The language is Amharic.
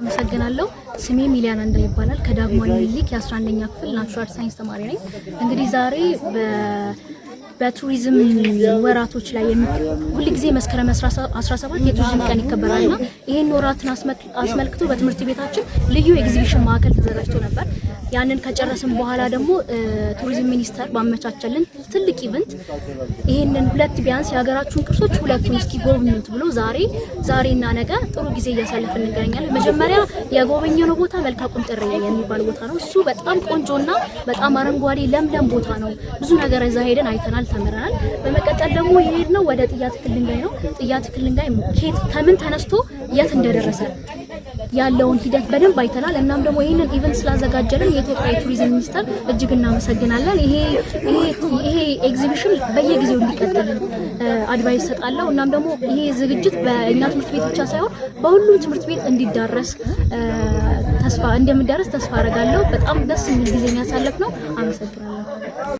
አመሰግናለሁ። ስሜ ሚሊያን አንድሬ ይባላል። ከዳግማዊ ምኒልክ የ11ኛ ክፍል ናቹራል ሳይንስ ተማሪ ነኝ። እንግዲህ ዛሬ በቱሪዝም ወራቶች ላይ ሁልጊዜ መስከረም 17 የቱሪዝም ቀን ይከበራል እና ይህን ወራትን አስመልክቶ በትምህርት ቤታችን ልዩ ኤግዚቢሽን ማዕከል ተዘጋጅቶ ነበር። ያንን ከጨረስን በኋላ ደግሞ ቱሪዝም ሚኒስቴር ባመቻቸልን ትልቅ ኢቨንት ይህንን ሁለት ቢያንስ የሀገራችሁን ቅርሶች ሁለቱን እስኪ ጎብኙት ብሎ ዛሬ እና ነገ ጥሩ ጊዜ እያሳለፍን እንገኛለን። መጀመሪያ የጎበኘነው ቦታ መልካ ቁንጥሬ የሚባል ቦታ ነው። እሱ በጣም ቆንጆና በጣም አረንጓዴ ለምለም ቦታ ነው። ብዙ ነገር እዛ ሄደን አይተናል። ተምረናል። በመቀጠል ደግሞ ነው ወደ ጥያ ትክል ድንጋይ ነው። ጥያ ትክል ድንጋይ ኬት ከምን ተነስቶ የት እንደደረሰ ያለውን ሂደት በደንብ አይተናል። እናም ደግሞ ይህንን ኢቨንት ስላዘጋጀልን የኢትዮጵያ የቱሪዝም ሚኒስቴር እጅግ እናመሰግናለን። ይሄ ኤግዚቢሽን በየጊዜው እንዲቀጥል አድቫይስ ሰጣለሁ። እናም ደግሞ ይሄ ዝግጅት በእኛ ትምህርት ቤት ብቻ ሳይሆን በሁሉም ትምህርት ቤት እንዲዳረስ ተስፋ እንደምዳረስ ተስፋ አረጋለሁ። በጣም ደስ የሚል ጊዜ የሚያሳለፍ ነው። አመሰግናለሁ።